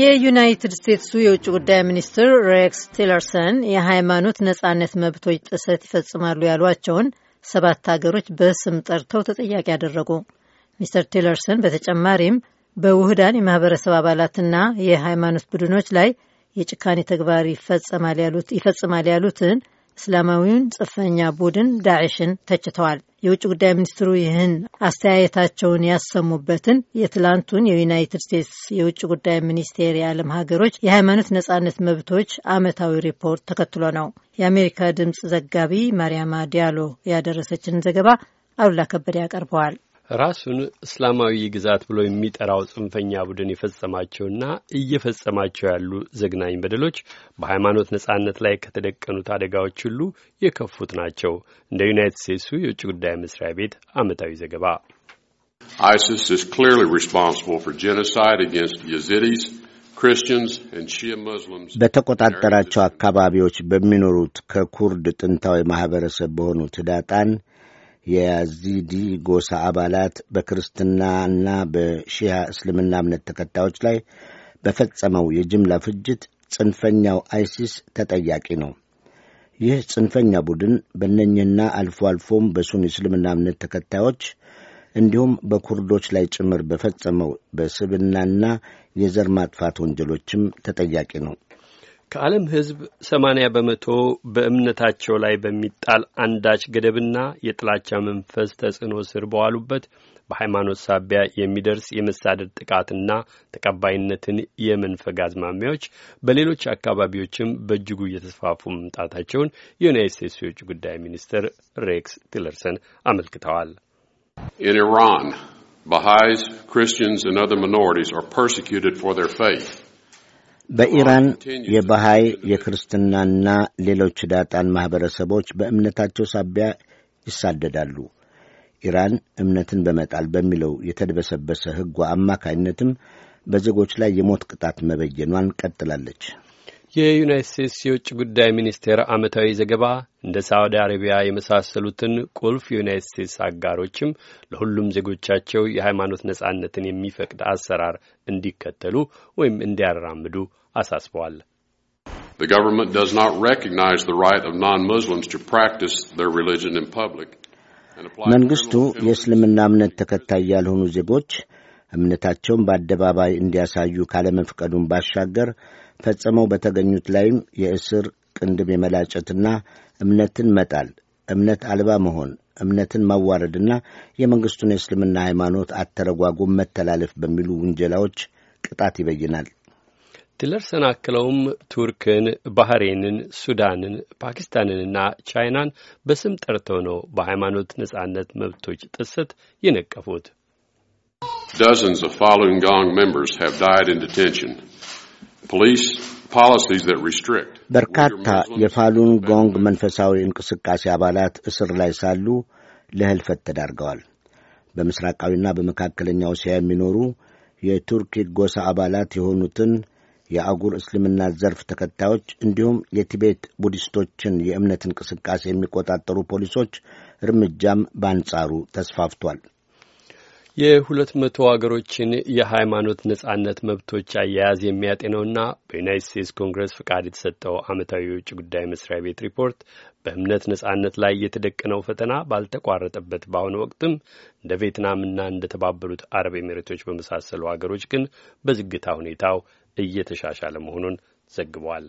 የዩናይትድ ስቴትሱ የውጭ ጉዳይ ሚኒስትር ሬክስ ቲለርሰን የሃይማኖት ነጻነት መብቶች ጥሰት ይፈጽማሉ ያሏቸውን ሰባት ሀገሮች በስም ጠርተው ተጠያቂ ያደረጉ። ሚስተር ቲለርሰን በተጨማሪም በውህዳን የማህበረሰብ አባላትና የሃይማኖት ቡድኖች ላይ የጭካኔ ተግባር ይፈጽማል ያሉትን እስላማዊውን ጽንፈኛ ቡድን ዳዕሽን ተችተዋል። የውጭ ጉዳይ ሚኒስትሩ ይህን አስተያየታቸውን ያሰሙበትን የትላንቱን የዩናይትድ ስቴትስ የውጭ ጉዳይ ሚኒስቴር የዓለም ሀገሮች የሃይማኖት ነጻነት መብቶች ዓመታዊ ሪፖርት ተከትሎ ነው። የአሜሪካ ድምፅ ዘጋቢ ማርያማ ዲያሎ ያደረሰችን ዘገባ አሉላ ከበደ ያቀርበዋል። ራሱን እስላማዊ ግዛት ብሎ የሚጠራው ጽንፈኛ ቡድን የፈጸማቸውና እየፈጸማቸው ያሉ ዘግናኝ በደሎች በሃይማኖት ነጻነት ላይ ከተደቀኑት አደጋዎች ሁሉ የከፉት ናቸው። እንደ ዩናይትድ ስቴትሱ የውጭ ጉዳይ መስሪያ ቤት ዓመታዊ ዘገባ ISIS is clearly responsible for genocide against Yazidis, Christians, and Shia Muslims. በተቆጣጠራቸው አካባቢዎች በሚኖሩት ከኩርድ ጥንታዊ ማህበረሰብ በሆኑት ህዳጣን የያዚዲ ጎሳ አባላት በክርስትናና በሺያ እስልምና እምነት ተከታዮች ላይ በፈጸመው የጅምላ ፍጅት ጽንፈኛው አይሲስ ተጠያቂ ነው። ይህ ጽንፈኛ ቡድን በእነኝህና አልፎ አልፎም በሱኒ እስልምና እምነት ተከታዮች እንዲሁም በኩርዶች ላይ ጭምር በፈጸመው በስብናና የዘር ማጥፋት ወንጀሎችም ተጠያቂ ነው። ከዓለም ሕዝብ ሰማንያ በመቶ በእምነታቸው ላይ በሚጣል አንዳች ገደብና የጥላቻ መንፈስ ተጽዕኖ ስር በዋሉበት በሃይማኖት ሳቢያ የሚደርስ የመሳደድ ጥቃትና ተቀባይነትን የመንፈግ አዝማሚያዎች በሌሎች አካባቢዎችም በእጅጉ እየተስፋፉ መምጣታቸውን የዩናይት ስቴትስ የውጭ ጉዳይ ሚኒስትር ሬክስ ቲለርሰን አመልክተዋል። ኢራን ባሃይስ ክርስቲያንስ አንድ ኦዘር ሚኖሪቲስ አር ፎር ዜር ፌይዝ በኢራን የባሃይ የክርስትናና ሌሎች ዳጣን ማኅበረሰቦች በእምነታቸው ሳቢያ ይሳደዳሉ። ኢራን እምነትን በመጣል በሚለው የተድበሰበሰ ሕጓ አማካይነትም በዜጎች ላይ የሞት ቅጣት መበየኗን ቀጥላለች። የዩናይት ስቴትስ የውጭ ጉዳይ ሚኒስቴር ዓመታዊ ዘገባ እንደ ሳዑዲ አረቢያ የመሳሰሉትን ቁልፍ የዩናይት ስቴትስ አጋሮችም ለሁሉም ዜጎቻቸው የሃይማኖት ነጻነትን የሚፈቅድ አሰራር እንዲከተሉ ወይም እንዲያራምዱ አሳስበዋል። The government does not recognize the right of non-Muslims to practice their religion in public. መንግስቱ የእስልምና እምነት ተከታይ ያልሆኑ ዜጎች እምነታቸውን በአደባባይ እንዲያሳዩ ካለመፍቀዱን ባሻገር ፈጽመው በተገኙት ላይም የእስር ቅንድብ የመላጨትና እምነትን መጣል፣ እምነት አልባ መሆን፣ እምነትን ማዋረድና የመንግሥቱን የእስልምና ሃይማኖት አተረጓጎም መተላለፍ በሚሉ ውንጀላዎች ቅጣት ይበይናል። ቲለርሰን አክለውም ቱርክን፣ ባህሬንን፣ ሱዳንን፣ ፓኪስታንንና ቻይናን በስም ጠርተው ነው በሃይማኖት ነጻነት መብቶች ጥሰት የነቀፉት። Dozens of Falun Gong members have died in detention. በርካታ የፋሉን ጎንግ መንፈሳዊ እንቅስቃሴ አባላት እስር ላይ ሳሉ ለህልፈት ተዳርገዋል። በምስራቃዊና በመካከለኛው እስያ የሚኖሩ የቱርኪ ጎሳ አባላት የሆኑትን የአጉር እስልምና ዘርፍ ተከታዮች እንዲሁም የቲቤት ቡዲስቶችን የእምነት እንቅስቃሴ የሚቆጣጠሩ ፖሊሶች እርምጃም በአንጻሩ ተስፋፍቷል። የሁለት መቶ ሀገሮችን የሃይማኖት ነጻነት መብቶች አያያዝ የሚያጤነውና በዩናይት ስቴትስ ኮንግረስ ፍቃድ የተሰጠው ዓመታዊ የውጭ ጉዳይ መስሪያ ቤት ሪፖርት በእምነት ነጻነት ላይ የተደቀነው ፈተና ባልተቋረጠበት በአሁኑ ወቅትም እንደ እንደ እንደተባበሩት አረብ ኤሚሬቶች በመሳሰሉ ሀገሮች ግን በዝግታ ሁኔታው እየተሻሻለ መሆኑን ዘግቧል።